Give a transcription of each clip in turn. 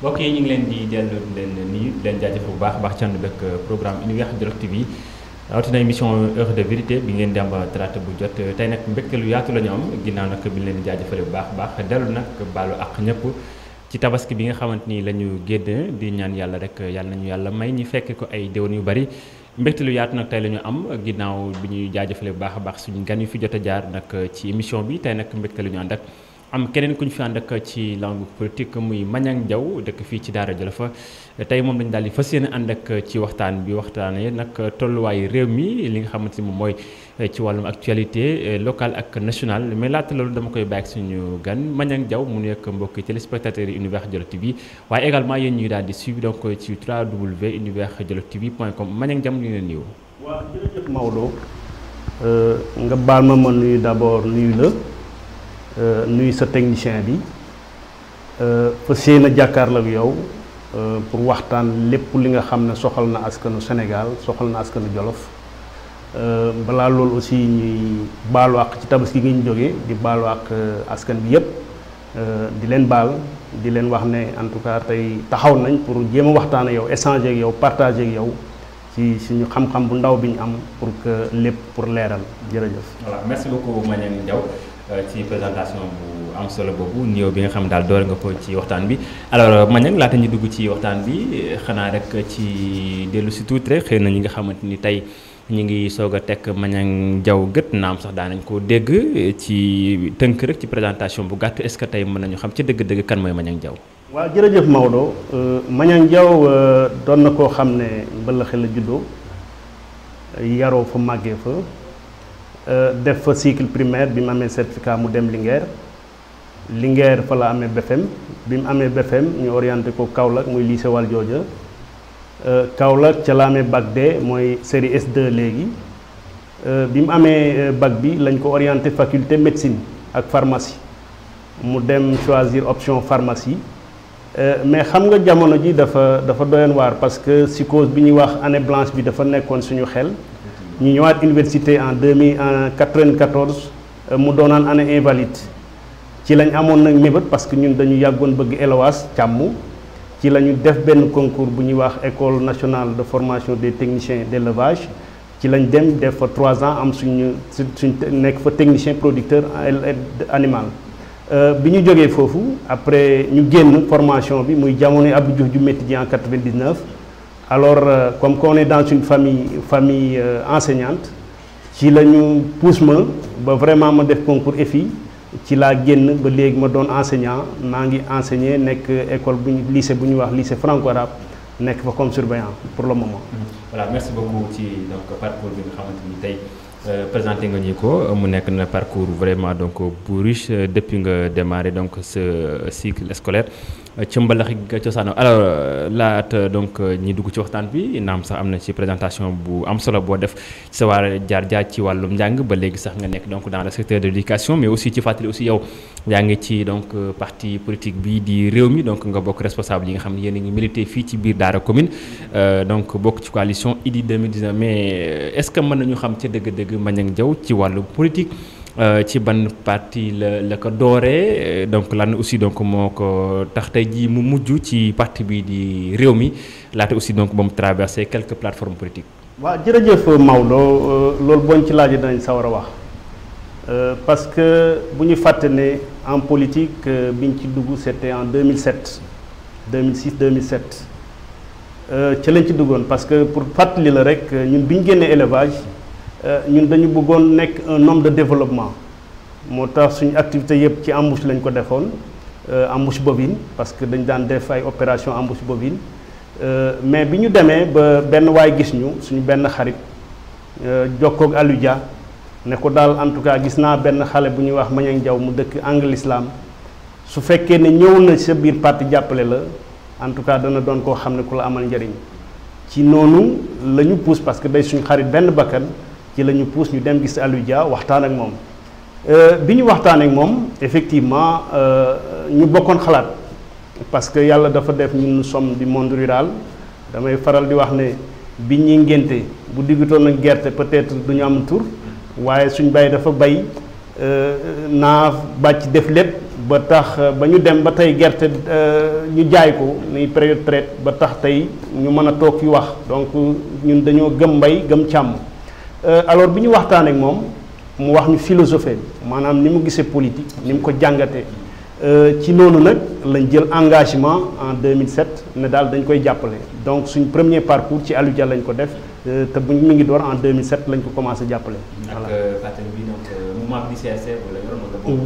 mbokk yi ñu ngi leen di dellu leen nii leen jaajëf bu baax baax ci ànd ak euh, programme Univers Direct bi rawatina émission euh, heure de vérité bi ngeen dem ba bu jot tey nag mbégte lu yaatu la ñu am ginnaaw nag bi ñu leen di bu baax baax dellu nag baalu ak ñëpp ci tabaski bi nga xamante ni la ñu génn di ñaan yàlla rek yàlla nañu yàlla may ñu fekk ko ay déwén yu bari mbégte lu yaatu nag tey la ñu am ginnaaw bi ñuy jaajëfale bu baax a baax suñu gan yu fi jot a jaar nag ci mission bi tey nag mbégte lu ñu ànd ak am keneen ku ñu fi ànd ak ci langue politique muy jaw Diaw dëkk fii ci Daara Jolof tey moom lañu daal di fas yéene ànd ak ci waxtaan bi waxtaanee nag tolluwaayu réew mi li nga xamante ni moom mooy ci wàllum actualité local ak national mais laata loolu dama koy bàyyi ak suñu gan Magnang Diaw mu nekk mbokki téléspectateurs yi Univers Jolof TV waaye également yéen ñuy daal di suivre donc ci www.universjoloftv.com Magnang Diaw ñu ngi leen di nuyu. waaw jërëjëf Maodo euh, nga baal ma ma nuyu d'abord nuyu la. Euh, nuyu sa technicien bi euh, fas yéene la yow euh, pour waxtan lepp li nga xamne soxal na askanu senegal soxal na askanu Jolof bala lol aussi ñuy bal wax ci tabaski ngeen joge di bal wax askan bi yépp di len bal di len wax ne en tout cas tay taxaw nañ pour jema a yow échanger ak yow partager ak yow ci suñu xam-xam bu ndaw biñ am pour que lepp pour leeral jërëjëf. voilà merci beaucoup Maniang Diaw. Euh, ci présentation bu am solo boobu néew bi nga xam daal doore nga ko ci waxtaan bi alors euh, man nag laata ñu dugg ci waxtaan bi euh, xanaa rek ci dellu si tuuti rek xëy na ñi nga xamante ni tey ñu ngi soog a tekk Maniang Diaw gët am sax daan nañ ko dégg ci tënk rek ci présentation bu gàttu est-ce que tey mën nañu xam ci dëgg dégg kan mooy Maniang Diaw. waaw jërëjëf Maodo Maniang Diaw doon na koo xam ne mbëllëxe la juddoo yaroo fa màggee fa. Euh, def fa cycle primaire bi mu amee certificat mu dem Linguère Linguère fa la amee BFM bi mu amee ñu orienté ko Kaolack muy lycée Valdiodio euh, Kaolack ca la amee bac D mooy série S2 léegi euh, bi mu amee bac bi lañ ko orienté faculté médecine ak pharmacie mu dem choisir option pharmacie mais xam nga jamono ji dafa dafa doyen waar parce que cause bi ñuy wax année blanche bi dafa nekkoon suñu xel ñu ñëwaat université en 2094 euh, mu doonaan année invalide ci lañ amoon nag mébét parce que ñun dañu yàggoon bëgg ELOAS càmm ci lañu def benn concours bu ñuy wax école nationale de formation des techniciens d'élevage ci lañ dem def fa trois ans am suñu suñ nekk fa technicien producteur animal euh, bi ñu jógee foofu après ñu génn formation bi muy jamono Abdou Diouf ju métti ji en 99 alors euh, comme qu'on est dans une famille famille euh, enseignante si la nous pousse ma vraiment ma def concours EFI Qui la génn ba léegi me donne enseignant je enseigner nekk école lycée bu lycée franco-arabe comme surveillant pour le moment. Mmh. voilà merci beaucoup ci donc parcours que nga le euh, présenté ko parcours vraiment donc Depuis riche depuis que démarré donc ce cycle scolaire ca mbalax gi cosaanam alors laata donc euh, ñi dugg ci waxtaan bi naam sax am na ci présentation bu am solo boo def ci sa waar jaar-jaar ci wàllu njàng ba léegi sax nga nekk donc dans le secteur de l'éducation mais aussi ci fàttali aussi yow yaa ngi ci donc euh, parti politique bi di réew mi donc nga bokk responsable yi nga xam ne yéen a ngi milité fii ci biir Daara commune euh, donc bokk ci coalition IDI 2019 mais est-ce que mën nañu xam ca dëgg-dëgg Maniang Diao ci wàllu politique. Euh, ci ban parti la la ko euh, donc lan aussi donc moko ko tax tey jii mu mujj ci parti bi di rewmi laté aussi donc bam traverser quelques plateformes politiques. wa jërëjëf Maodo euh, loolu boo ñu ci laajee dañ sawar a wax parce que buñu ñu ne en politique biñ ci dugg c'était en 2007 2006 2007 ci lañ ci duggoon parce que pour fàttali la rek ñun biñu ñu élevage. Euh, nous dañu un homme de développement moo tax suñu activité yëpp ci embouche lañ ko defoon euh, embouche bovine parce que nous daan def opération bovine euh, mais bi ñu ba benn waay gis ñu suñu benn xarit jokkoog ne ko daal en tout cas gis naa benn xale bu ñuy wax Jaw mu dëkk Islam su na sa parti la en tout cas doon la amal ci pousse parce que day suñu xarit ci lañu pousse ñu dem gis Aliou Dia waxtaan ak mom euh biñu waxtaan ak mom effectivement euh, ñu bokkon xalaat parce que yalla dafa def ñun som du monde rural damay faral di wax ne bi ñi ngenté bu diggutoon ak gerte peut être du am tour waye suñ bay dafa bay euh, naa bacc def lepp ba tax euh, ba ñu dem ba gerte ñu jaay ko ni période traite ba tax tay ñu mëna tok fi wax donc ñun dañoo gëm bay gëm cham Euh, alors si waxtaan ak mom mu wax ñu philosophe manam politique ni mu ko Si euh, ci nonu nak engagement en 2007 né dal dañ koy donc un premier parcours ci a lañ ko def euh, te mi ngi door en 2007 lañ ko commencé jàppale.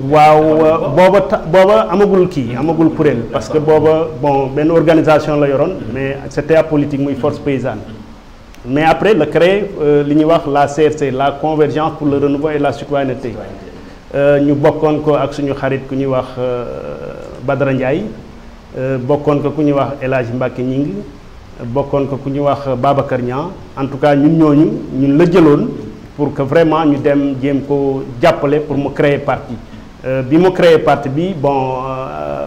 voilà waaw booba booba amagul kii amagul kuréel. parce que booba bon benn organisation la yoroon. mais c'était politique muy force paysanne mais après le créer euh, li wax la CRC la convergence pour le renouveau et la citoyenneté euh, ñu bokkoon ko ak suñu xarit ku ñuy wax euh, Badara Ndiaye nous ko ku ñuy wax El Hadj Mbacke nous bokkoon ko ku wax Babacar en tout cas ñun ñooñu nous la jëloon pour que vraiment nous dem jéem ko pour me créer parti bi mu créer parti bi bon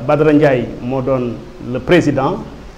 Badara Ndiaye m'a donné le président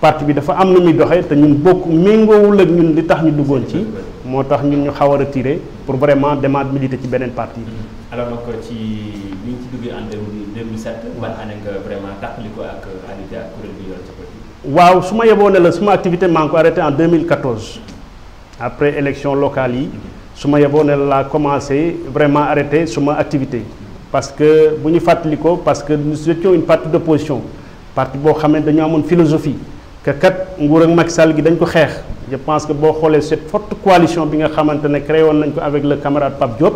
parti bi dafa am na muy doxee te ñun bokk méngoowul ak ñun li tax ñu duggoon ci moo tax ñun ñu xaw a retiré pour vraiment demaat militer ci beneen parti mm-hmm. alors donc euh, ci bi ñu ci duggee en 2007 ban année nga vraiment tàqali ak adhéré ak kuréel bi yor ci politique waaw su ma yeboo ne la suma activité maa ngi ko arrêté en 2014 après élection locale yi su ma yeboo ne la commencé vraiment arrêté suma activité parce que bu ñu parce que nous étions une partie d'opposition parti boo xam ne dañu amoon philosophie que kat nguur ak Macky gi dañ ko xeex je pense que boo xoolee cette forte coalition bi nga xamante ne créé woon nañ ko avec le camarade Pape Diop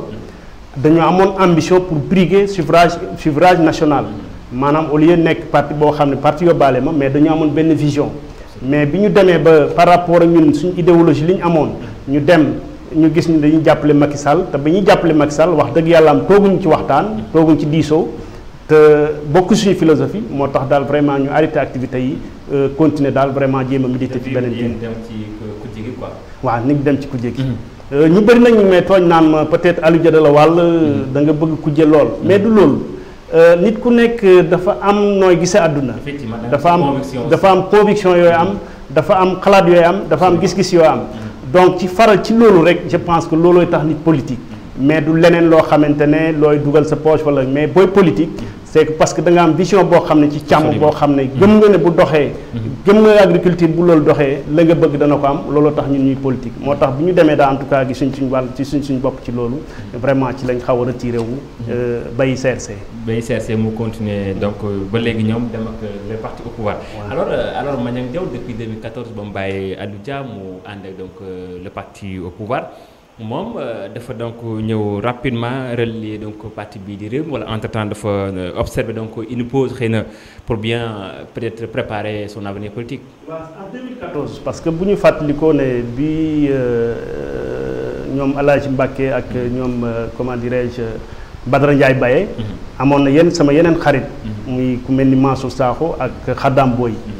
dañoo amoon ambition pour briguer suffrage suffrage national maanaam au lieu nekk parti boo xam ne parti yóbbaale ma mais dañu amoon benn vision mais bi ñu demee ba par rapport ak ñun suñu idéologie li ñu amoon ñu dem ñu gis ñu dañuy jàppale Macky Sall te ba ñuy jàppale Macky Sall wax dëgg yàlla am tooguñ ci waxtaan tooguñ ci diisoo te bokk suñu philosophie moo tax daal vraiment ñu arrêté activité yi euh continuer dal vraiment jëma méditer ci benen diine dem ci kujje quoi. waaw ni dem ci kujje mm-hmm. euh ñu bëri nañu mais tooñ naan ma peut-être Aliou Dia da la wàll. Mm-hmm. da nga bëgg kujje lool. Mm-hmm. mais du lool euh nit ku nekk dafa am noy gisee aduna dafa am dafa am conviction yoy am. dafa am xalaat yoy am dafa am gis-gis yoy am. donc ci faral ci loolu rek je pense que loolooy tax nit politique. mais du lenen lo xamantene loy duggal sa poche wala mais boy politique c'est parce que dans nga am vision bo xamné ci cham bo xamné ne mm-hmm. gëm nga ne bu doxé mm-hmm. gëm nga agriculture bu loolu doxé la nga bëgg dana ko am looloo tax ñun ñuy politique motax tax bu ñu demee en tout cas gi suñ suñ wal ci suñ suñ bopp ci lolu vraiment ci lañ xaw retiré wu mm-hmm. euh, Baye CRC Baye CRC mu continuer donc ba légui ñom dem ak les partis au pouvoir alors euh, alors Maniang Diaw depuis 2014 ba mu bàyyi Aliou Dia mu ànd ak donc euh, le parti au pouvoir mom euh, dafa donc ñëw rapidement relier donc parti bi di réew wala entre temps dafa euh, observer donc une pause xëy pour bien euh, peut-être préparer son avenir politique. en 2014 parce que buñu ñu né bi ñom El Hadj Mbacké ak ñom comment dirais-je Badara Ndiaye Baye. Mhm. amon na yeen sama yenen xarit. Mhm. muy ku melni Mansour Sakho ak Khadam Boy. Mhm.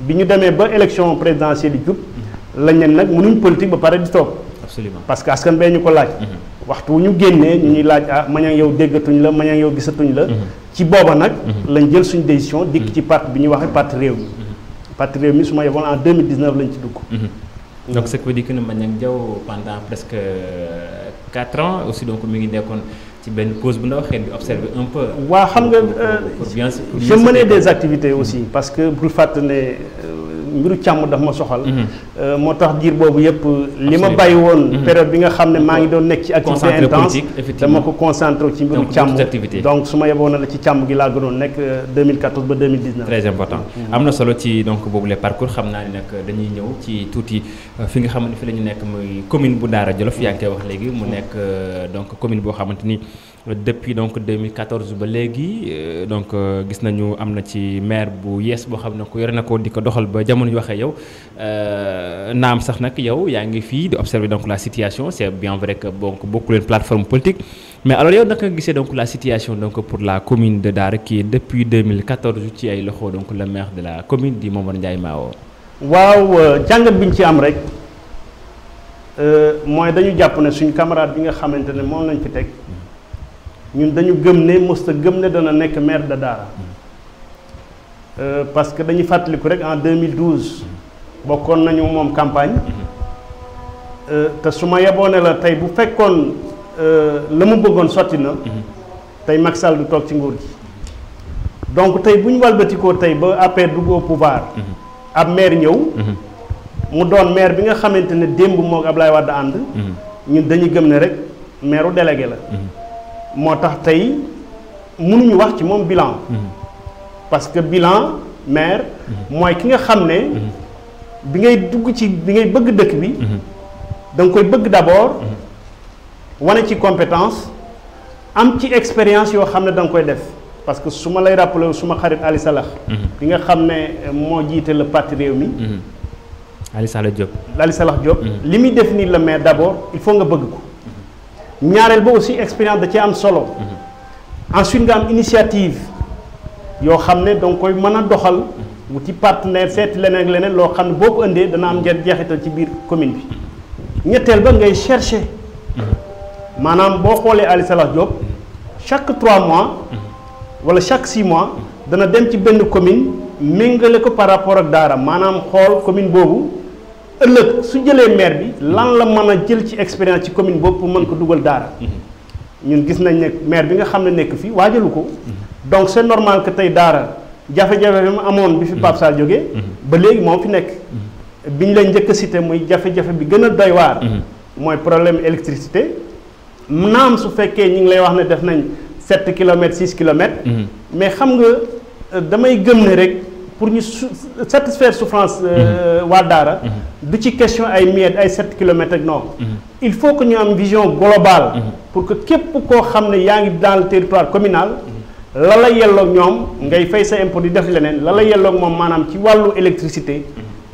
biñu démé ba élection présidentielle yi jub lañ leen nag mënuñ politique ba paré di top absolument parce que askan bee ñu ko laaj. Mhm. waxtu ñu génnee ñu ñi laaj ah maña yow déggatuñ la maña yow gisatuñ la. Mhm. ci booba nak mhm. lañ jël suñ décision dik ci parti biñu waxé parti réew mi. parti réew mi suma ma en 2019 lañ ci dugg. donc ce que dit que Maniang Diao pendant presque 4 ans aussi donc mi ngi nekkoon. Ben, pose pause observer un peu. Wa euh, je menais des activités aussi parce que pour fàtte ne. Euh, mbiru càmm daf ma soxal. Mhm. euh motax dir bobu yep lima ma bàyyi mhm. période bi nga xamné ma ngi doon nek ci activité intense dama ko concentré ci mbiru càmm donc suma ma la ci càmm gi la gënoon nek 2014 euh, ba 2019. très important mhm. amna solo ci donc bobu les parcours xamna naa nak dañuy ñëw ci touti euh, fi nga xamné fi lañu nek nekk muy commune bu dara Jolof yaa ngi wax légui mu nek euh, donc commune bo xamanteni depuis donc 2014 ba légui euh, donc euh, gis nañu amna ci maire bu Yes, bo xam ko yore nako diko doxal ba jamono yu yow euh naam sax nak yow yaa ngi di observer donc la situation c'est bien vrai que donc bokku leen plateforme politique mais alors yow nak gisé donc la situation donc pour la commune de Dar qui est depuis 2014 ci ay loxo donc le maire de la commune di Momar Ndiaye Mawo waaw euh, jàngat bi ci am rek moy dañu japp ne suñu camarade bi nga xamantene ne lañ ci tek ñun dañu gëm ne mosta gëm ne dana nekk maire de Daara euh, parce que dañu fàttaliku rek en 2012 bokkoon nañu moom campagne euh, te su ma yeboo ne la tey bu fekkoon euh, la mu bëggoon sotti na tey Macky Sall du toog ci nguur gi donc tey bu ñu walbatikoo tey ba APR dugg au ab maire ñëw mu doon maire bi nga xamante ne démb moo Ablaye Wade ànd ñun dañuy gëm ne rek maireu délégué la motax tay tey mënuñu wax ci mom bilan. Mhm. parce que bilan maire. moy mhm. ki nga xamné mhm. bi ngay dugg ci bi ngay bëgg dëkk bi. dang koy bëgg d'abord. wane ci compétence am ci expérience yo xamné dang koy def parce que suma lay rappeler suma xarit Ali Salah. bi nga xamné mo jité le parti réew mi. Ali Salah Diop. Ali Salah Diop. limi def ni le maire d'abord il faut nga bëgg ko. Nous ba aussi expérience de ci solo. ensuite nga am initiative yoo xam ne donc koy mën a doxal ci partenaire seeti leneen ak leneen loo xam ne boo dana am ci commune bi ba ngay chaque trois mois wala chaque six mois dana dem ci benn commune méngale ko par rapport ak daara commune ëllëg su jëlee maire bi lan la mën a jël ci expérience ci commune boobu mën ko dugal daara ñun gis nañ ne maire bi nga xam ne nekk fii waajalu ko donc c'est normal que tey daara jafe-jafe bi amoon bi fi Pape Sall jógee ba léegi moom fi nekk bi ñu leen njëkk a cité muy jafe-jafe bi gën a doy waar mooy problème électricité naam su fekkee ñu ngi lay wax ne def nañ sept kilomètres six kilomètres mhm. mais xam nga damay gëm ne rek pour ñu satisfaire souffrance euh, mhm. waa daara mhm. du ci question ay miettes ay sept kilomètres non mhm. il faut que ñu am vision globale pour que képp koo xam ne yaa dans le territoire communal la la yelloog ñoom ngay fay sa impôt di def lenen, la la yelloog mom manam ci walu électricité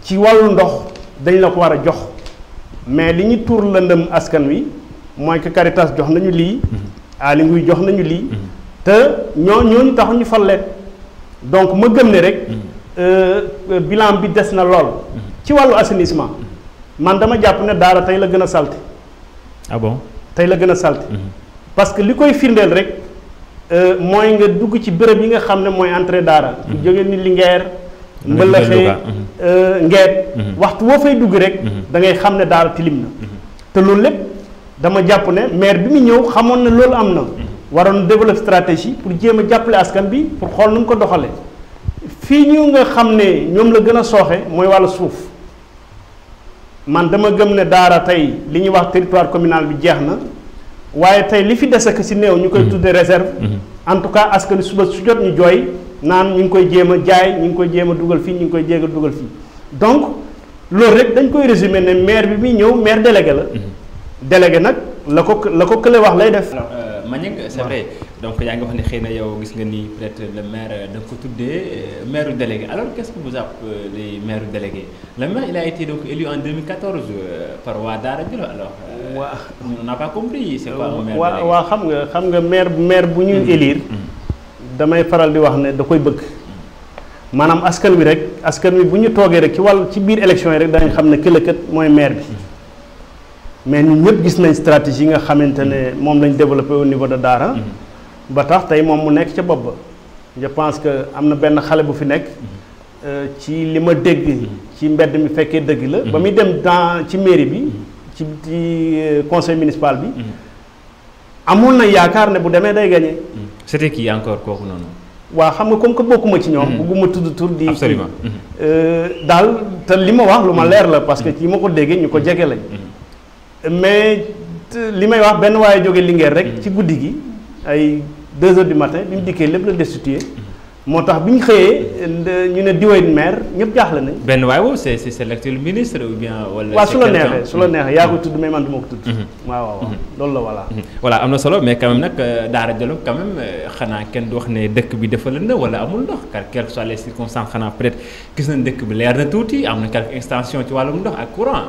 ci walu ndox dañ la ko wara jox mais li ñu tuur lëndëm askan wi moy que Caritas jox nañu li, a li ngui jox nañu li, te ñoo ñooñu taxu ñu fal donc ma gëm ne rek Euh, bilan bi des na lool. Mhm. ci wàllu assainissement. Mhm. man dama jàpp ne daara tey la gën a salte ah tey la gën a salte mhm. parce que li koy firndeel rek euh, mooy nga dugg ci bërëb yi nga xam ne mooy entrée daara. jóge ni Linguère. Mbëlëxee euh, Ngeet. waxtu woo fay dugg rek. da ngay xam ne daara tilim na. te loolu lépp dama jàpp ne maire bi mu ñëw xamoon na loolu am na. waroon développer stratégie pour jéem a jàppale askan bi pour xool nu mu ko doxalee. fii ñu nga xam ne ñoom la gën a sooxee mooy wàllu suuf man dama gëm ne daara tey li ñuy wax territoire communal bi jeex na waaye tey li fi des ak si néew ñu koy mm-hmm. tuddee réserve mm-hmm. en tout cas askan suba su jot ñu jooy naan ñu ngi koy jéem a jaay ñu ngi koy jéem a dugal fii ñu ngi koy jéem a dugal fii donc loolu rek dañ koy résumer ne maire bi muy ñëw maire délégué la mm-hmm. délégué nag la ko la ko kële wax lay def. alors euh, donc yaa ngi wax ne xëy na yow gis nga ni peut-être le maire euh, de nga euh, maire délégué alors qu'est-ce que vous appelez euh, les maires délégués le maire il a été donc élu en 2014 par waa Daara Djolof alors. waaw on n'a pas compris c'est quoi le maire délégué waaw xam nga xam nga maire maire bu ñuy mm-hmm. élire. Mm-hmm. damay faral di wax ne da koy bëgg. maanaam askan wi rek askan wi bu ñu toogee rek ci wàll ci biir élection yi rek danañ xam ne kële kat mooy maire bi. Mm-hmm. mais ñun ñëpp gis nañ stratégie yi nga xamante ne lañ développé au niveau de Dara. Daara. ba tax tey moom mu nekk ca bopp ba je pense que am na benn xale bu fi nekk mm-hmm. euh, ci li ma dégg mm-hmm. ci mbedd mi fekkee dëgg la mm-hmm. ba muy dem dans ci mairie bi ci ci euh, conseil municipal bi amoon na yaakaar ne bu demee day gagné c'était kii encore kooku noonu waa xam nga comme que bokkuma ci ñoom bugguma tudd tur di absolument euh, daal te li ma wax lu ma leer la parce que ci ma ko déggee ñu ko jege lañ mais li may wax benn waaye jóge Linguère rek ci guddi gi ay 2 heures du matin bi mu dikkee lépp la destitué moo tax bi ñu xëyee ñu ne diwaan maire ñëpp jaaxle nañ. benn waay boobu c'est c'est l'actuel ministre ou bien. wala waaw su la neexee su la neexee yaa ko mm-hmm. tudd mais man du ma ko tudd. Mm-hmm. waaw waaw mm-hmm. loolu la voilà. am na solo mais quand même nag euh, Daara Djolof quand euh, xanaa kenn du wax ne dëkk bi dafa lënd wala amul ndox car quelles que soient les circonstances xanaa peut-être gis nañ dëkk bi leer na tuuti am na quelques extensions ci wàllum ndox ak courant.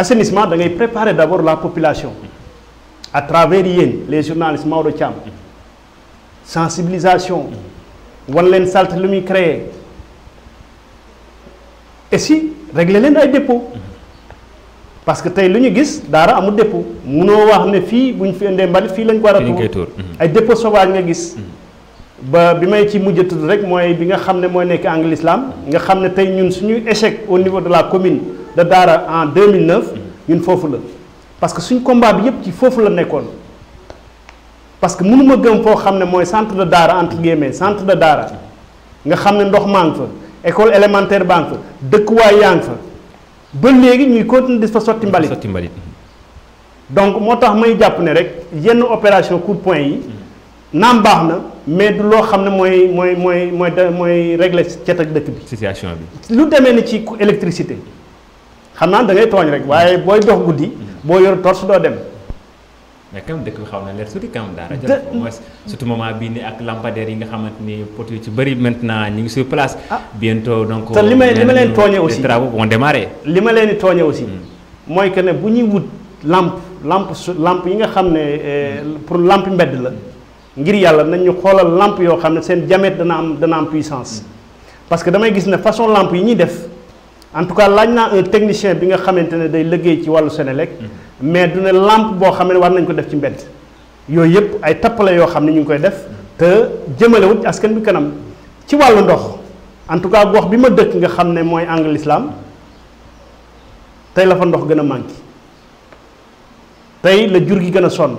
assainissement da ngay préparer d'abord la population à travers yéen les journalistes Maodo Cham. sensibilisation wan leen salte lu créer et si régler leen ay dépôt parce que tey lu ñu gis daara amul dépôt munoo wax ne fi, bu fi indee mbalit fi lañ ko war a ay dépôt sauvage nga gis mm-hmm. ba bi may ci tu tudd rek mooy bi nga xam ne mooy islam nga xam ne tey ñun échec au niveau de la commune de Dara en 2009 une le parce que suñ combat qui yëpp ci parce que nous ne centre de dara, entre guillemets centre de Dara nga xam école élémentaire banque une école fa ba donc que il may a une opération coup de poing yi bien, mais faire. ne faire. Il faut le régler faut situation bi. électricité. xamna da ngay togn rek waye boy dox goudi bo yor torse do dem mais kam dekk bi na leer tuuti kam dara jox au moins surtout moment bii ni ak lampadaire yi nga xamante ni poto yu ci bari maintenant ñu ngi sur place ah. bientôt donc ta limay limay len togné leen tooñee aussi travaux vont démarrer limay len togné aussi moy hmm. que ne bu ñuy wut lampe lampe lampe yi nga xam euh, pour lampe mbedd la ngir yalla nañ ñu xolal lampe yo xam ne jamet dana am dana am puissance hmm. parce que damay gis ne façon lampe yi ñi def en tout cas laaj naa technicien bi nga xamante ne day liggéey ci wàllu Senelec mhm. mais du ne làmp boo xam ne war nañ ko def ci mbedd yooyu yëpp ay tappale yoo xam ne ñu ngi koy def mhm. te jëmale wut askan bi kanam ci wàllu ndox en tout cas gox bi ma dëkk nga xam ne mooy angle islam tey la fa ndox gën a manqué tey la jur gi gën a sonn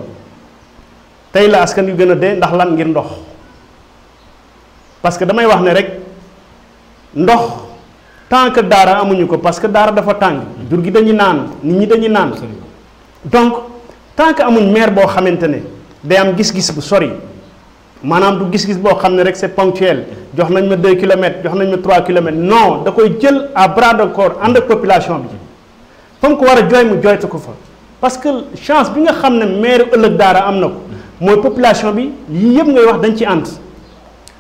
tey la askan yu gën a dee ndax lan ngir ndox parce que damay wax ne rek ndox. tant que dara amuñu ko parce que dara dafa tang jur gi dañuy nan nit ñi dañuy nan donc tant que amuñ maire bo xamantene day am gis-gis bu sori manam du gis-gis bo xamne rek c'est ponctuel jox nañ ma 2 kilomètres jox nañ ma 3 kilomètres non da koy jël à bras de corps ànd population bi fam ko wara joy mu jooytu ko fa parce que chance bi nga xamne maire euleuk dara am ko population bi lii yëpp ngay wax dañ ci ànd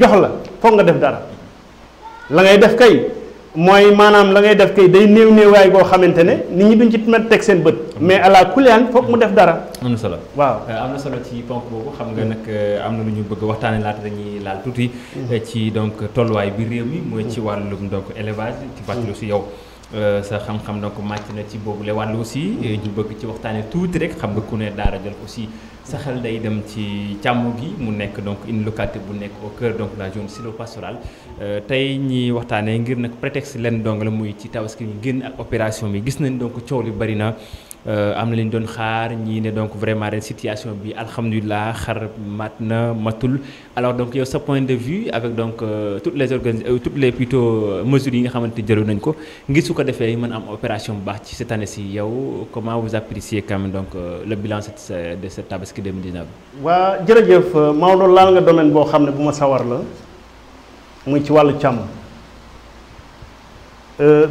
jox la foog nga def dara la ngay def kay mooy maanaam la ngay def kay day néew néewaay boo xamante ne nit ñi duñ ci mën teg seen bët mais ala kuliyaan foog mu def dara am na solo waaw euh, am na solo ci ponk boobu xam nga nag euh, am na lu ñu bëgg waxtaanee laata dañuy laal tuuti mm-hmm. euh, ci donc tolluwaay bi réew mi mooy ci wàllum donc élevage ci lu si yow Euh, sa xam-xam donc màcc na ci boobu boobule wàll aussi euh, ñu bëgg ci waxtaane tuuti rek xam nga ku ne daara jël aussi sa xel day dem ci càmm gi mu nekk donc une localité bu nekk au kër donc la jon zone sylvopastorale euh, tey ñi waxtaanee ngir nag prétexte leen dong la muy ci tabaski ñu génn ak opération bi gis nañ donc coow li bari na Euh, am na lañ doon xaar ñii ne donc vraiment ren situation bi Alhamdulillah, xar mat na matul alors donc yow sa point de vue avec donc euh, toutes les organis euh, toutes les plutôt mesures yi nga xamante ni nañ ko ngir su ko defee mën am opération bu baax ci cette année ci yow comment vous appréciez quand même donc le bilan de cette tabaski 2019. waa jërëjëf Maodo laal nga domaine boo xam ne bu ma sawar la muy ci wàllu càmm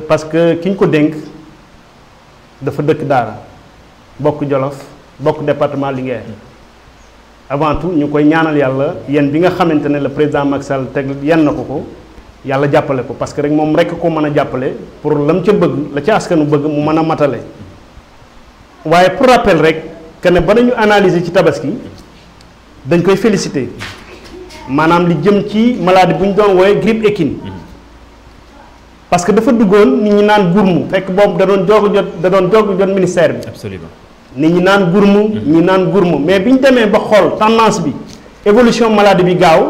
parce que kiñ ko dénk. dafa dëkk daara bokk Jolof bokk département Linguère avant tout ñu koy ñaanal yàlla yéen bi nga xamante ne la président Macky Sall teg yenn na ko ko yàlla jàppale ko parce que rek moom rek ko mën a jàppale pour lam ca bëgg la ca askanu bëgg mu mën a matale waaye pour rappel rek kenn ba nañu analyser ci tabaski dañ koy féliciter maanaam li jëm ci maladie bu ñu doon woowe grippe équine parce que dafa duggoon nit ñi naan gurmu fekk boobu da doon joog jot da doon joog jot ministère bi. absolument nit ñi naan gurmu. Mhm. ñi naan gurmu mais bi ñu demee ba xool tendance bi évolution maladie bi gaaw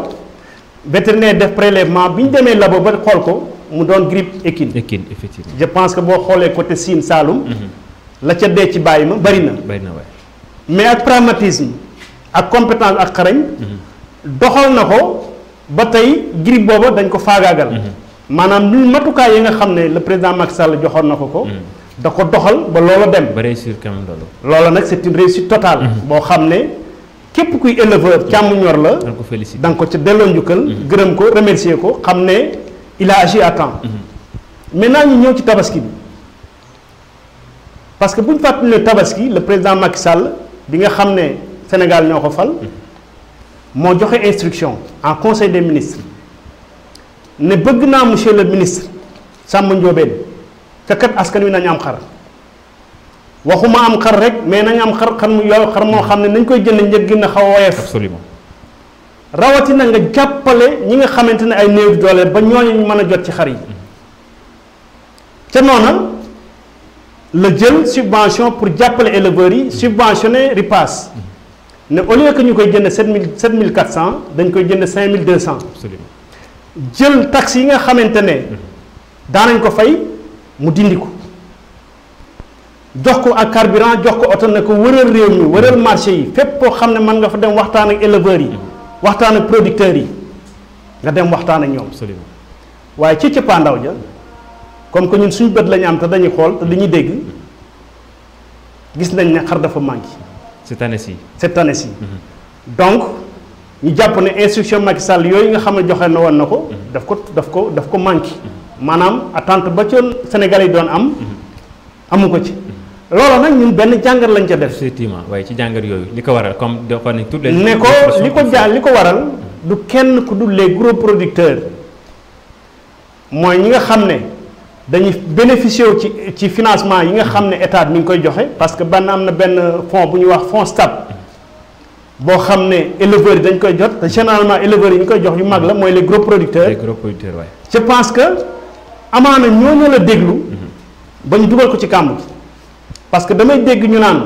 vétérinaire def prélèvement bi ñu demee labo ba xool ko mu doon grippe équine. équine effectivement je pense que boo xoolee côté Sine Saloum. Mhm. la ca dee ci bàyyi ma bari na. bari na waay mais ak pragmatisme ak compétence ak xarañ. Mhm. doxal na ko ba tey grippe booba dañ ko faagaagal. Manam, ñu matuka yi nga xamné le président Macky Sall joxon nako ko ko. Hmm. da ko doxal ba lolo dem. ba réussir quand même loolu. loola nag est une réussite totale. Hmm. bo xamné ne képp kuy éleveur hmm. càmm ñor la. da nga ko félicité da nga ko gërëm ko remercier ko xamné il a agi à temps. maintenant ñu ñëw ci tabaski bi parce que buñ ñu tabaski le président Macky Sall bi nga xamné Sénégal ñoko fal. mo joxe instruction en conseil des ministres. ne bëgg naa monsieur le ministre sàmm njóobeen te kat askan wi nañu am xar waxuma am xar rek mais nañu am xar xar mu yow xar moo xam ne nañ koy jënd njëg gi na xaw a woyof absolument rawatina nga jàppale ñi nga xamante ne ay néew doole ba ñooñu mën a jot ci xar yi ca noona le jël subvention pour jàppale éleveur yi subventionné ripaas ne au lieu que ñu koy jënd sept 7400 dañ koy jënd 5200 absolument jël taxe yi nga xamante ne daanañ ko fay mu dindi ko jox ko ak carburant jox ko oto na ko wëral réew mi wëral marché yi fépp koo xam ne mën nga fa dem waxtaan ak éleveurs yi waxtaan ak producteurs yi nga dem waxtaan ak ñoom. waaye ci cëppaandaw ja comme ko ñun suñu bët lañu am te dañuy xool te li ñuy dégg gis nañ ne xar dafa manqué. cette année ci cette année yi mm-hmm. donc. ñu jàpp ne instruction Macky yooyu nga xam ne joxe na woon na ko daf ko daf ko daf ko manqué maanaam attente ba ci Sénégal yi doon am amu ko ci loolu nag ñun benn jàngat lañ ca def effectivement waaye ci jàngat yooyu li ko waral comme ne ko li ko ja li ko waral du kenn ku dul les gros producteurs mooy ñi nga xam ne dañuy bénéficier wu ci ci financement yi nga xam ne état mi ngi koy joxe parce que benn am na benn fonds bu ñu wax fonds stable bo xamné éleveur dañ koy jot te généralement éleveur yi ñu koy jox yu mag la moy les gros producteurs. les gros producteurs way je pense que amana ñooñu la déglu. Mhm. ba ñu ko ci kàmb parce que damay dégg ñu naan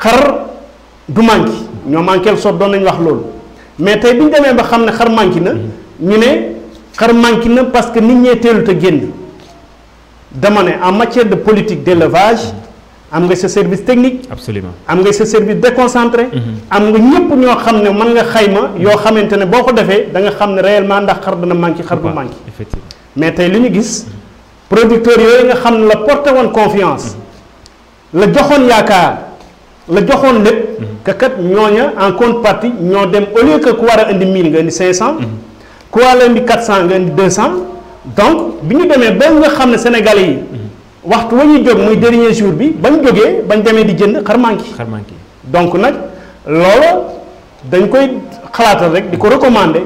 xar du manki ñoo manqué so doon nañ wax lool mais tay bi ñu ba xamné xar manki na mhm. ñu né xar manki na parce que nit ñee teelut ta génn dama né en matière de politique d' élevage am nga sa service technique. absolument am nga sa service déconcentré. Mhm. am nga ñepp ño xamné man nga xayma yo xamantene boko défé da nga xamné réellement ndax xar dana manki xar bu manki effectivement mais tay li ñu gis producteur yooyu nga xamné la porté won confiance. Mhm. la joxone yaakaar la joxone lépp. Mhm. que kat ñoña en contrepartie ño dem au lieu que ko wara andi 1000 nga indi 500. ko wara andi 400 nga indi 200. donc biñu ñu ba nga xamné Sénégalais yi. waxtu wa ñuy jóg muy dernier jour bi bañ jógee bañ demee di jënd xar manqué donc nag loolu dañ koy xalaatal rek di ko recommander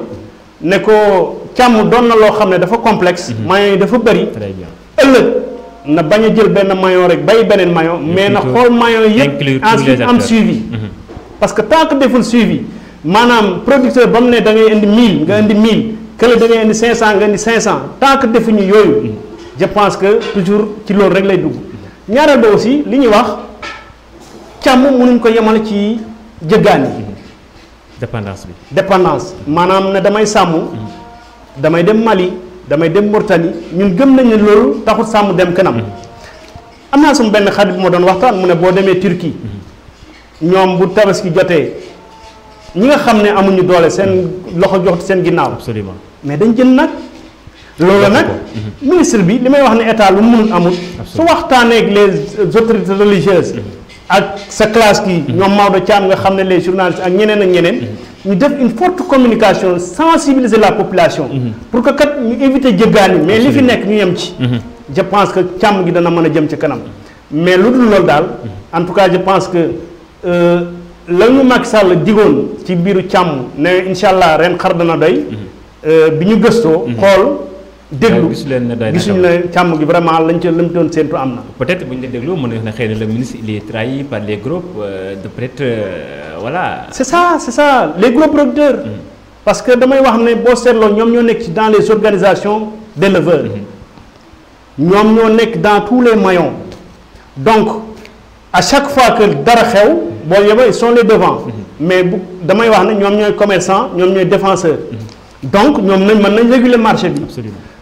ne ko càmm doon na loo xam ne dafa complexe mhm. maillon yi dafa bëri ëllëg na bañ a jël benn maillon rek bay beneen maillon mais na xool maillon yëpp ensuite am suivi mhm. parce que tant que deful suivi maanaam producteur ba mu ne da ngay indi 1000 nga indi 1000 kële da ngay indi 500 nga indi 500 tant que defuñu yooyu mhm. je pense que toujours ci loolu rek lay dugg ñaareel ba aussi li ñuy wax càmm mënuñ ko yemal ci jëggaan yi. dépendance bi. dépendance maanaam ne damay sàmm damay dem Mali damay dem Mauritanie ñun gëm nañ ne loolu taxul sàmm dem kanam am naa suñu benn xarit bu ma doon waxtaan mu ne boo demee Turquie ñoom bu tabaski jotee ñi nga xam ne amuñu doole seen loxo jox seen ginnaaw. absolument mais dañ jël nag. loolu nag ministre bi li may wax ne état lu mënul amul su waxtaanee ak les autorités religieuses ak sa classe kii mhm. ñoom Maodo Thiam nga xam ne les journalistes ak ñeneen ak ñeneen mhm. ñu def une forte communication sensibiliser la population mhm. pour que kat ñu éviter jëggaani mais li fi nekk ñu yem ci je pense que càmm gi dana mën a jëm ci kanam mais lu dul loolu daal en tout cas je pense que euh, la ñu Macky Sall digoon ci biiru càmm ne incha allah ren xar dana doy euh, bi ñu gëstoo xool déglu gis leen ne gisuñu ne càmm gi vraiment lañ ca lëm doon séntu am na. peut-être bu ñu la déglu na xëy le ministre il est trahi par les groupes euh, de peut voilà. c'est ça c'est ça les gros producteurs. Mm-hmm. parce que damay wax ne boo seetloo ñoom ñoo nekk dans les organisations d'éleveurs. Mm-hmm. ñoom ñoo nekk dans tous les maillons. donc à chaque fois que dara xew mm-hmm. boo yeboo ils sont les devants. mais bu damay wax ne ñoom ñooy commerçants ñoom ñooy défenseurs. donc ñoom nañ mën nañ réguler marché bi. absolument.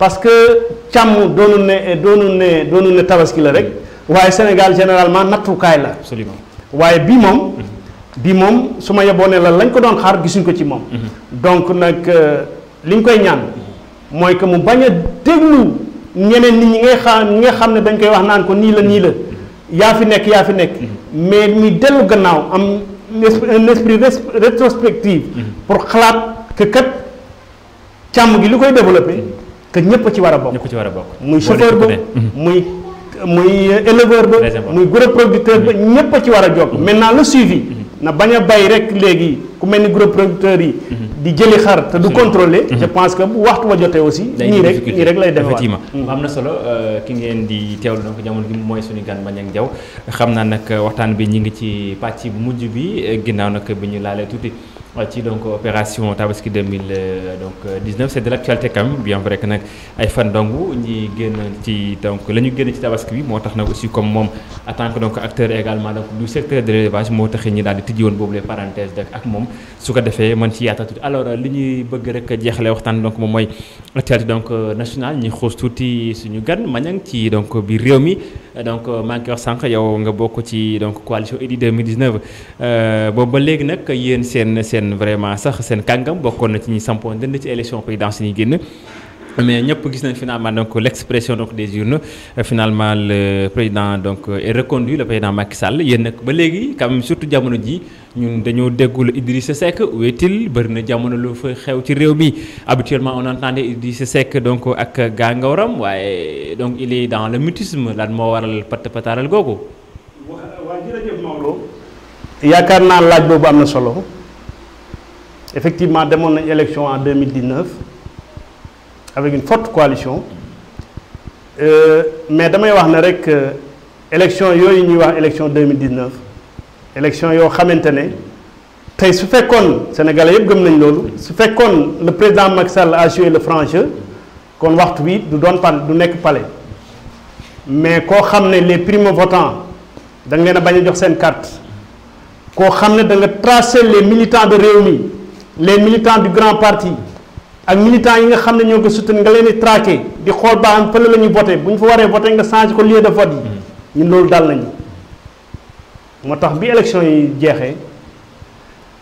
parce que càmm doonul ne doonul ne doonul ne tabaski la rek waye Sénégal généralement natou kay la. absolument waaye bii moom. bii moom su ma la lañ ko don xaar gisuñ ko ci mom mhm. donc nak euh, liñ koy ñaan. moy que mu baña a ñeneen nit ñi nga xam nga xam dañ koy wax naan ko ni la ni la yaa fi nekk yaa fi nekk. Mhm. mais mi delu gannaaw am un esprit rétrospectif mhm. pour xalaat que kat càmm gi li koy développer que ñëpp ci war a bokk. ñëpp ci war a bokk muy chauffeur ba mhm. muy muy éleveur ba. muy gros producteur ba mhm. ñëpp a ci war a jóg. Mhm. maintenant la suivi. na bañ a bay rek léegi ku mel ni gros producteurs yi. di jëli xar te du contrôler je pense que bu waxtu wa jotee aussi. ñii rek ñii rek lay defewaat effectivement am na solo euh, ki ngeen di teewlu donc jamono gi mooy suñu gan bañ ak jaw xam naa nag waxtaan bi ñu ngi ci pàcc bu mujj bi ginnaaw nag bi ñu laalee tuuti. ci donc opération Tabaski 2019 euh, euh, c'est de l'actualité quand même bien vrai que nak ay fan dong ñi genn ci donc lañu genn ci Tabaski bi motax nak aussi comme mom en tant que donc acteur également donc du secteur de l'élevage motax tax ñi daal di tijji woon boobu les parenthèses de ak mom su ko defee man ci tout tuuti alors li ñuy bëgg rek jéxlé waxtan donc mom moy actualité donc euh, national ñi xuus tuuti suñu gan mañang ci donc bi réew mi euh, donc euh, maa ngi wax sànq yow nga bok ci donc coalition Idy 2019 euh bo ba légui nak yeen sen sen vraiment sax sen kangam bokon na ci ñi sampoon dënd ci élection présidentielle yi génn mais ñëpp gis nañ finalement donc l'expression donc des urnes finalement le président donc est reconduit le président Macky Sall yéen nak ba légui quand même surtout jamono ji ñun dañoo déggul Idrissa Seck wétil est-il jamono lu fa xew ci réew mi habituellement on entendait Idrissa Seck donc ak gangawram waye donc il est dans le mutisme lan mo waral pat pataaral gogo waaw jërëjëf Maodo. yaakaar naa laaj boobu am na solo effectivement demoon na élection en 2019 avec une forte coalition euh, mais damay wax dire rek euh, élection 2019, élection 2019 élection yoo xamante ne su sénégalais yëpp gëm nañ le président Macky Sall a joué le franc jeu kon waxtu bi du doon pas palais mais quand on les primo-votants da nga leen a carte ...qu'on les militants de Rewmi les militants du grand parti ak militant yi nga xam ne ñoo ko soutenir nga leen di traqué di xool ba fële la ñuy voté bu ñu fa waree voté nga changé ko lieu de vote yi mm. ñun loolu daal nañu moo tax bi élection yi jeexee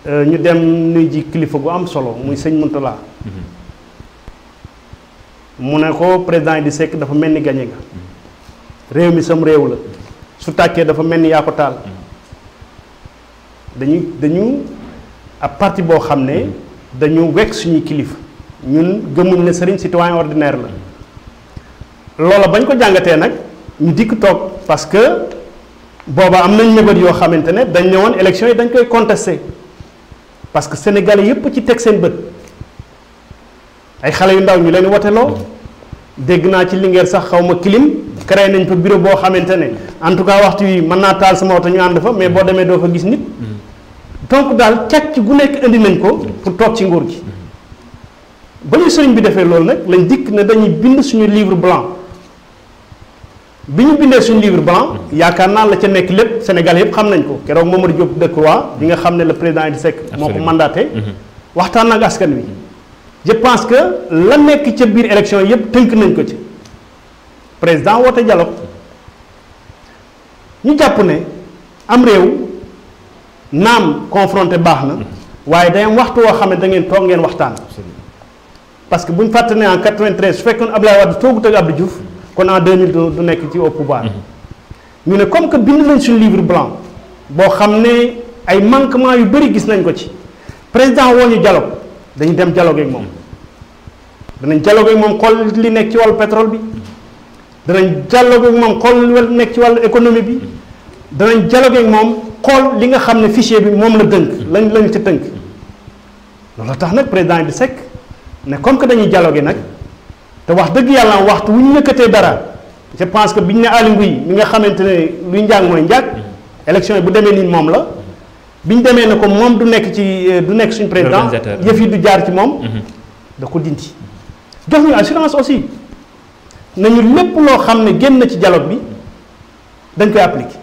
euh, ñu dem nuy ji kilifa gu am solo muy sëñ Mountakha mm-hmm. mu ne ko président yi di sekk dafa mel ni gañe nga mm-hmm. réew mi sam réew la mm-hmm. su tàkkee dafa mel ni yaa ko taal dañu dañu ab boo xam ne dañu wekk suñuy kilifa ñun gëmuñ ne sëriñ citoyen ordinaire la loola bañ ko jàngatee nag ñu dikk toog parce que booba am nañ mébét yoo xamante ne dañ ne woon élection yi dañ koy contesté parce que sénégalais a ci teg seen bët ay xale yu ndaw ñu leen woteloo dégg naa ci Linguère sax xaw ma clim créé nañ fa bureau boo xamante ne en tout cas waxtu yi mën naa taal sama oto ñu ànd fa mais boo demee doo fa gis nit mm. donc daal càcc gu nekk indi nañ ko pour toog ci nguur gi ba ñu sëriñ bi defee loolu nag lañ dikk na dañuy bind suñu livre blanc bi ñu bindee suñu livre blanc yaakaar naa la ca nekk lépp Sénégal yëpp xam nañ ko keroog Mamadou Diop Decroix bi nga xam ne la président Idy Seck moo ko mandaté mhm. waxtaan ak askan wi je pense que la nekk ca biir élection yëpp tënk nañ ko ci président woote jalo ñu jàpp ne am réew naam confronté baax na mhm. waaye day am waxtu woo xam ne da ngeen toog ngeen waxtaan parce que bu ñu en 93 su fekkoon Abdoulaye Wade toogut ak Abdou Diouf kon en 2000 du nekk ci au pouvoir mhm. ñu ne comme que bind nañ suñu livre blanc boo xam ne ay manquements yu bëri gis nañ ko ci président woo ñu dialogue dañu dem dialogue ak moom danañ dialogue ak moom xool li nekk ci wàllu pétrole bi danañ dialogue ak moom xool li nekk ci wàllu économie bi danañ dialogue ak moom xool li nga xam fichier bi moom la dënk lañ lañ ci tënk loolu tax nag président bi Seck ne comme que dañuy dialogue nak te wax deug yalla waxtu wuñu ñu dara je pense que biñ ne Nguy mi nga xamantene ne luy njàng moy njàng élection bu demee ni mom la biñ demee ne mom du nekk ci euh, du nekk suñu président yëf yi du jaar ci mom mhm. da ko dindi jox ñu assurance aussi nañu lepp lo xam ne ci dialogue bi dañ koy appliquer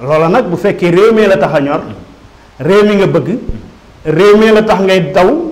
lola nak bu fekkee réew mi la tax a ñor réew mi nga bëgg réew la tax ngay daw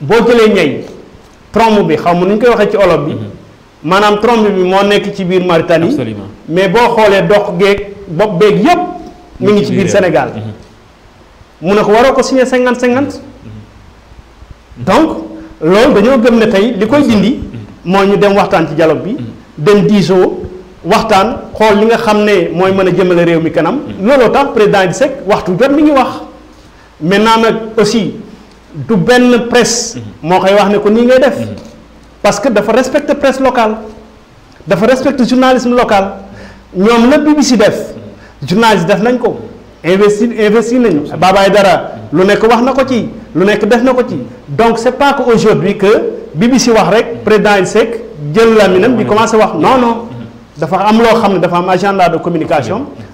boo jëlee ñay trombe bi xaw ma nu ñu koy waxee ci olof bi mhm. maanaam trombe bi moo nekk ci biir Mauritanie mais boo xoolee dox géeg bopp béeg yëpp mu ngi ci biir Sénégal mhm. mu ne ko waroo ko signé cinquante cinquante mhm. donc loolu dañoo gëm ne tey li koy dindi moo ñu dem waxtaan ci dialogue bi dem diisoo waxtaan xool li nga xam ne mooy mën a jëmale réew mi kanam looloo tax président di Seck waxtu jot mi ngi wax maintenant nag aussi du ben presse mhm. moo koy wax ne ko ni ngay def mhm. parce que dafa respecter presse locale dafa respecter journalisme local ñoom la BBC def mhm. journaliste def nañ ko investi investi baba baabaay dara lu nek wax na ci lu nek def ci donc c'est pas que aujourd'hui que BBC wax rek président il sec jël laminam bi commencé wax non non dafa am lo xamne dafa am agenda de communication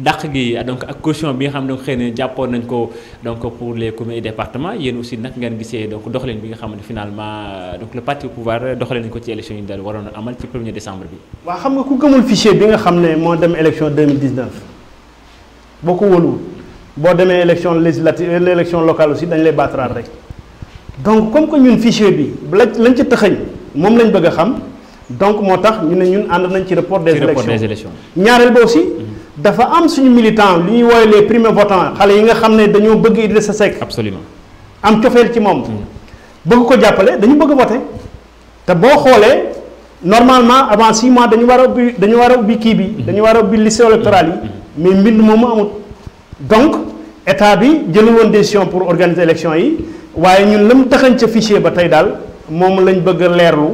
dàq gi donc à caution bi nga xam ne xëy nañ ko donc pour les communes et départements a aussi nag ngeen gisee donc doxalin bi nga xam finalement donc le parti au pouvoir doxalin nañ ko ci élection yi daal waroon amal ci 1er décembre bi. wa xam nga ku fichier bi nga xam dem élection 2019 beaucoup ko wóoluwul boo élection législative euh, élection locale aussi dañ lay baatraal rek donc comme que ñun fichier bi lañ ca tëxañ moom lañ bëgg a xam donc moo tax ñu ne ñun ànd nañ ci report des élections a ba aussi. Mm-hmm. dafa am suñu militant li ñuy woowee les primo votants xale yi nga xam ne dañoo bëgg Idrissa Seck. absolument am cofeel ci moom. bëgg ko jàppale dañu bëgg voté te boo xoolee normalement avant six mois dañu war a ubbi war a ubbi kii bi. dañu war a ubbi liste électorale yi. mais mbind moomu amut. donc état bi jëlu woon décision pour organiser élection yi waaye ñun la mu taxañ ca fichier ba tey daal moom lañ bëgg a leerlu.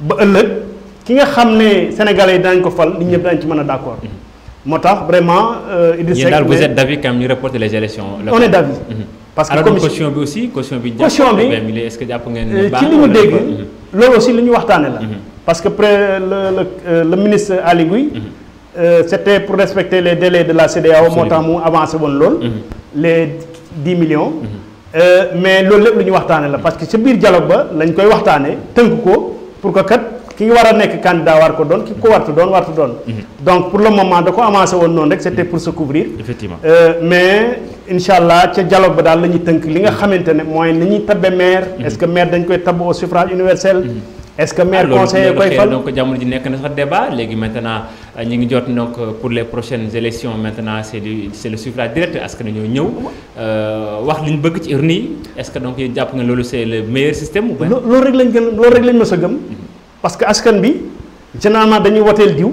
ba ëllëg ki nga xam ne sénégalais yi danañ ko fal nit ñëpp dañ ci mën a d'accord. moo vraiment. Euh, Idriss Seck yéen daal vous êtes d'avis quand même ñu reporter les élections. on est d'avis. Mhm. parce que alors caution bi aussi caution bi. caution bi est-ce que japp ngène ne ci li ñu dégg. Mhm. loolu aussi li ñu waxtaane la. Mhm. parce que après le le euh, le ministre Aly euh, c'était pour respecter les délais de la CDAO moo tax mu avancé bon lool. les dix millions. Euh, mais loolu lépp lu ñu la parce que ce bir dialogue ba lañ koy waxtaane teunk ko pour que kat ki war a nekk candidat war ko don ki ko wartu don wartu don mhm. donc pour le moment da ko avancé woon noonu rek c'était mhm. pour se couvrir effectivement euh, mais inshallah allah dialogue ba dal lañu teunk li nga mhm. xamantene moy mooy ni maire est-ce que maire dañ koy tabb au suffrage universel est-ce que maire ah, conseiller koy fal donc jamono ji nek na sax débat légui maintenant euh, ñi ngi jot nok euh, pour les prochaines élections maintenant c'est du c'est le suffrage direct est-ce que ñoo dañoo euh wax liñ ñu bëgg ci urne est-ce que donc yéen jàpp nga lolu c'est le meilleur système ou bien lolu rek lañ gën lolu rek lañ mësa gëm parce que askan bi généralement dañuy woteel diw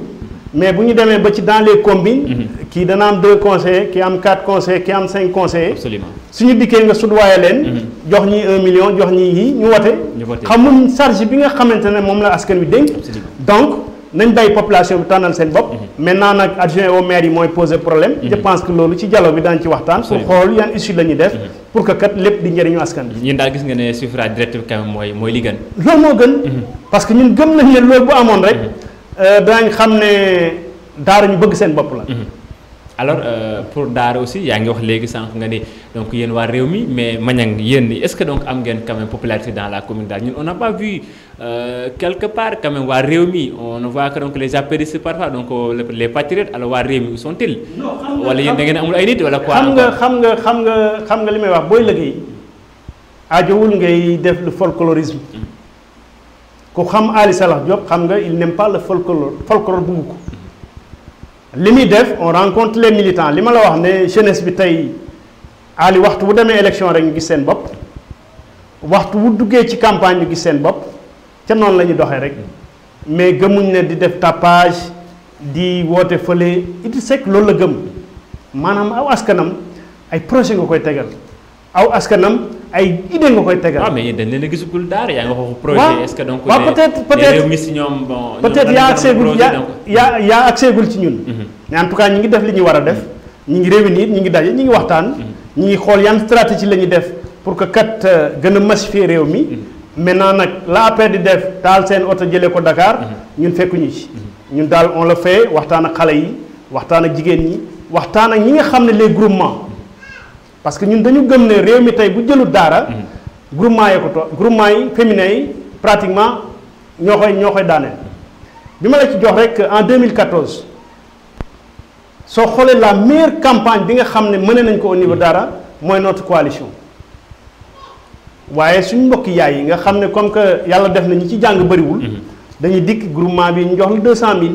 mais buñu ñu ba ci dans les combines. Mhm. kii dana am deux conseillers kii am quatre conseillers kii am cinq conseillers. absolument suñu diké nga soudoyé leen. Mhm. jox ñi 1 million jox ñi yii ñu wote. xamun charge bi nga xamantene mom la askan bi dénk. donc nañ bàyyi population bi tànnal seen bopp. Mhm. maintenant nag adjoint au maire moy poser problème. Mhm. je pense que lolu ci dialogue bi daañu ci waxtan pour xol yan issue lañu ñuy def. Mhm. pour que kat lepp di njëriñu askan bi. ñun da gis nga né suffrage direct bi quand même mooy mooy li gën. loolu moo gën. parce que ñun gëm nañ ne loolu bu amone rek. euh dañ xamné daara ñu bëgg sen bop la alors euh, pour Dar aussi yaa ngi wax léegi sànq nga ni donc yéen waa réew mi mais Manyang, yéen est ce que donc Amgen, quand même popularité dans la commune daal on n'a pas vu euh, quelque part quand même waa réew mi on voit que donc les apéristes parfois donc euh, les patriotes alors waa réew où sont-ils. wala yéen da ngeen amul ay nit wala quoi. xam nga xam nga xam nga xam nga li may wax booy liggéey aajowul ngay def le folklorisme mm. ku xam Ali Salah Diop xam nga il n'aime pas le folklore folklore bugg ko li def on rencontre les militants li la wax ne jeunesse bi tay Ali waxtu bu demee élection rek ñu gis seen waxtu bu duggé ci campagne ñu gis bop ca noonu la rek mais gëmuñ né di def tapage di woté fële it Seck loolu la gëm manam aw askanam ay projet nga koy tegal aw askanam. ay idée nga koy tégal ah mais ñi dañ leen a gisugul daara ya nga xoxu projet est ce que donc waaw peut être peut être réew si ñom bon peut être ya accès gul ya ya accès gul ci ñun mais mhm. en tout cas ñi ngi def li ñi wara def ñi ngi réunir ñi ngi dajé ñi ngi waxtaan mhm. ñi ngi xol yane stratégie lañu def pour que kat euh, gëna a massifier réew mi mhm. maintenant nak la après di def taal sen auto jëlé ko Dakar ñun ñu ci ñun dal on le fait waxtaan ak xalé yi waxtaan ak jigen ñi waxtaan ak ñi nga xamné les groupements parce que ñun dañu gëm ne réew mi tey bu jëlu daara. groupement yi ko to groupement yi féminin yi pratiquement ñoo koy ñoo koy daaneel. bi ma la ci jox rek en 2014 soo xoolee la meilleure campagne bi nga xam ne mëne nañ ko au niveau daara mooy notre coalition. waaye suñ mbokki yaay yi nga xam ne comme que yàlla def na ñi ci jàng bëriwul. dañuy dikk groupement bi ñu jox la 200000.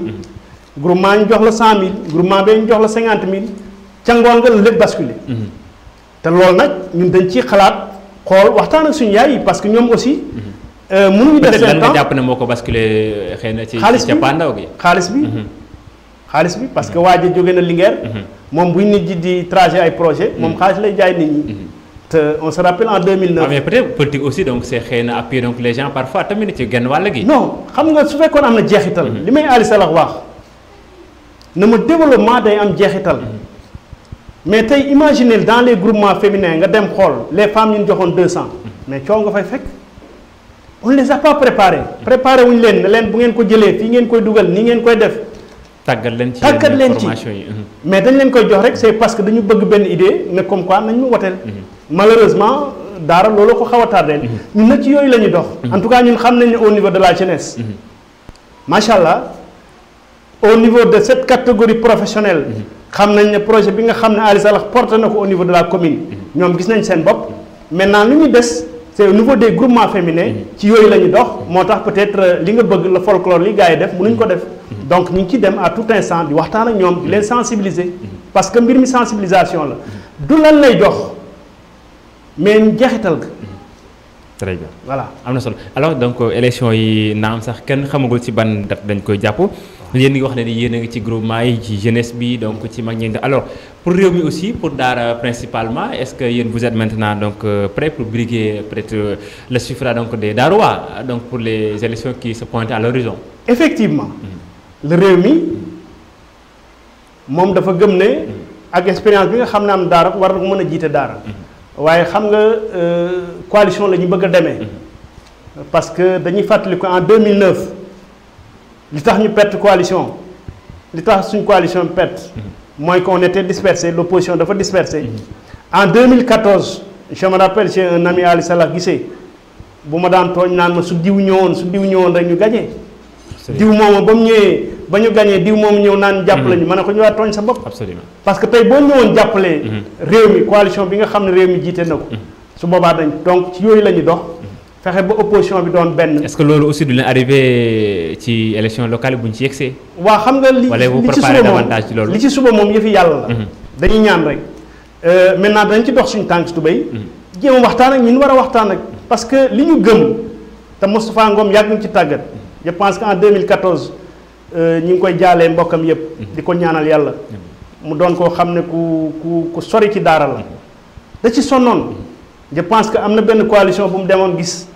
groupement ñu jox la 100000 groupement bi ñu jox la 50000 ca ngoon nga lépp te loolu nak ñun dañ ci xalaat xol waxtaan ak suñu yaay parce que ñom aussi. euh mënuñu def seen temps japp jàpp ne moo ko basculé euh, xëy na ci ci cappaandaw gi xaalis bi mhm. xaalis bi parce que mhm. waji jogé na Linguère. mom mhm. bu nit ji di trajet ay projet mom xaalis lay jaay nit ñi. te on se rappelle en 2009. ah mais peut-être politique aussi donc c'est xëy na appuyer donc les gens parfois tamit ci genn wàll gi. non xam nga su fekkoon amna jéxital limay ali may Salax wax na ma développement day am jéxital mais tu imaginez dans les groupements féminins nga dem les femmes ñu joxoon 200 mais tu nga fay fekk on les a pas préparé préparé wuñu pour ne leen bu ngeen ko jëlee fii ngeen koy dugal ni ngeen koy def. tàggat leen ci tàggat leen ci mhm. mais dañ leen koy jox rek c'est parce que dañu bëgg benn idée Mais comme quoi nañ mu woteel. Mhm. malheureusement dans le ko xaw a tardé. Mhm. ñun nag ci yooyu en tout cas nous xam nañ au niveau de la jeunesse. Masha'allah, au niveau de cette catégorie professionnelle xamnañ nañ ne projet bi nga xamné Ali Salah porter nako au niveau de la commune ñom gis nañ sen bop maintenant lu ñu des c'est au niveau des groupements féminins ci yoy lañu dox motax peut-être euh, li nga bëgg le folklore li gaay def mënuñ ko def donc ñu ci dem à tout instant di waxtaan ak ñoom di les sensibiliser parce que mbir mi sensibilisation la du lan lay dox mais njeexital ga très bien voilà Amna solo alors donc euh, élection yi nam sax kenn xamagul ci ban date dañ koy japp. yéen ngi wax né ni a ngi ci groupement yi ci jeunesse bi donc ci mag ñi alors pour réew mi aussi pour dara principalement est-ce que yéen vous êtes maintenant donc euh, prêt pour briguer peut-être euh, le suffrage donc des Darois donc pour les élections qui se pointent à l'horizon effectivement mm-hmm. le réew mi moom dafa gëm né mm-hmm. ak expérience bi nga xamna am dara war na ko mën a jiite oui, xam nga euh, coalition la une bëgg mhm. parce que en 2009 l'état tax perdu la coalition li perdu suñ coalition perte mhm. mooy on était dispersé l'opposition dafa dispersé mhm. en 2014 je me rappelle j'ai un ami Ali Salah qui bu ma daan nous naan ma su diw ñëwoon su diw ñëwoon rek ñu gagné bañu ñu diw mom ñew naan japp mhm. lañu mané ko ñu waa tooñ sa bopp absolument parce que tey boo ñëwoon jàppalee mhm. réew mi coalition bi nga xam ne réew mi jité nako mhm. su boobaa dañ donc ci yoy la ñu dox fexe ba opposition bi doon ben est-ce que lolu aussi du leen arrivé ci élection locale buñ ci yexé wa xam nga li li ci suba moom li ci suba moom yëfi yàlla la dañuy ñaan rek euh maintenant dañ ci dox suñu tank tubéy jëm waxtaan ak ñun wara waxtaan ak parce que li ñu gëm te Mustapha Ngom yàgg ci tagat je pense qu'en 2014 Euh, ñu ngi koy jaalee mbokkam yëpp mhm. di ko ñaanal yàlla mhm. mu doon koo xam ne ku ku ku sori ci daara la mhm. da ci sonnoon je pense que am na benn coalition bu mu demoon gis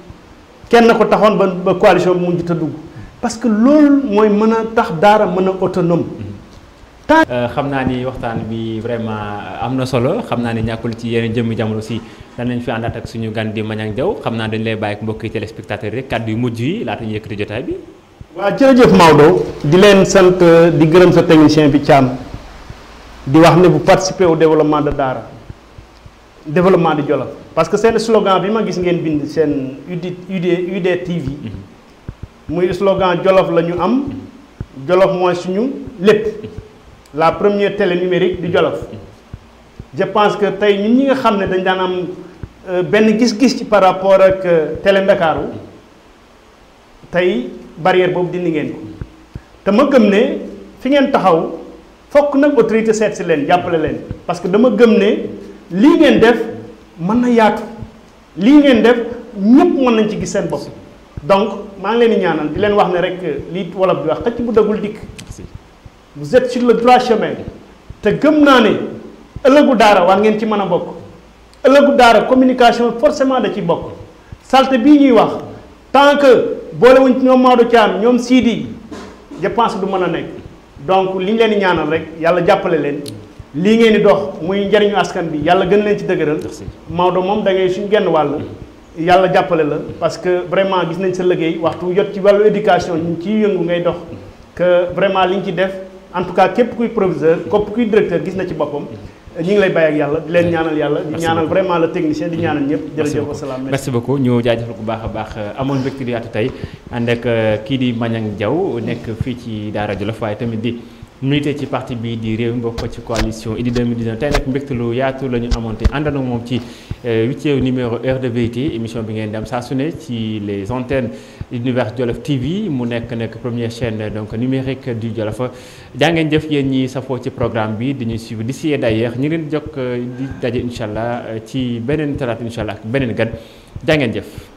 kenn ko taxoon ba ba coalition bi mu njëkk a dugg parce que loolu mooy mën a tax daara mën a autonome euh, xam naa ni waxtaan bi vraiment euh, am na solo xam naa ni ñàkkul ci yeneen jëmmi jamono si danañ fi àndaat ak suñu gan di Maniang Diaw xam naa dañu lay bàyyi ak mbokki téléspectateur rek kàddu yu mujj yi laata ñu yëkkati jotaay bi waa jërëjëf Maodo di leen sant di gërëm sa technicien bi cham di wax ne bu participer au développement de Daara développement de Jolof parce que seen slogan bi ma gis ngeen bind seen UD UD TV muy slogan Jolof la am Jolof mooy suñu lépp la première télé numérique di Jolof je pense que tey ñun ñi nga xam ne dañ daan am euh, benn gis-gis ci par rapport ak euh, télé Ndakaaru tey barrière boobu dindi ngeen ko te ma gëm ne fi ngeen taxaw fokk nag autorité seet si leen jàppale leen parce que dama gëm ne lii ngeen def mën na yaatu lii ngeen def ñëpp mën nañ ci gis seen bopp donc maa ngi leen di ñaanal di leen wax ne rek euh, lii wolof di wax xëcc bu dagul dikk vous êtes sur le droit chemin te gëm naa ne ëllëgu daara war ngeen ci mën a bokk ëllëgu daara communication forcément da ci bokk salte bi ñuy wax tant que boolewuñ ci ñoom Maodo Thiam ñoom Sidi je pense du mën a nekk donc li ñu leen di ñaanal rek yàlla jàppale leen li ngeen di dox muy njariñu askan bi yàlla gën leen ci dëgëral Maodo moom da ngay suñ genn wàll yàlla jàppale la parce que vraiment gis nañ sa liggéey waxtu jot ci wàllu éducation ñu ciy yëngu ngay dox que vraiment li ñu ci def en tout cas képp kuy proviseur képp kuy directeur gis na ci boppam ñi ngi lay bàyyi ak yàlla di leen ñaanal yàlla di ñaanal vraiment la technicien di ñaanal ñëpp jërëjëf asalaam merci beaucoup ñu jaajëfal bu baax a baax euh, amoon mbégte di yaatu tey ànd ak euh, kii di Maniang Diaw nekk fii ci Daara Jolof waaye tamit di milité ci parti bi di réew mbokk ci coalition idi 2019 tay nak mbégte lu yaatu lañu amonté andana mom ci na moom ci euh, huitième numéro heure émission bi ngeen di sa suné ci les antennes d'Universe Djolof TV mu nek nek première chaîne donc numérique du Djolof jaa ngeen jëf yéen ñi safoo ci programme bi di ñu suivre d'ici et d'ailleurs ñu leen di euh, di dajé Inshallah, euh, ci benen talaata inshallah allah gan jaa ngeen jëf.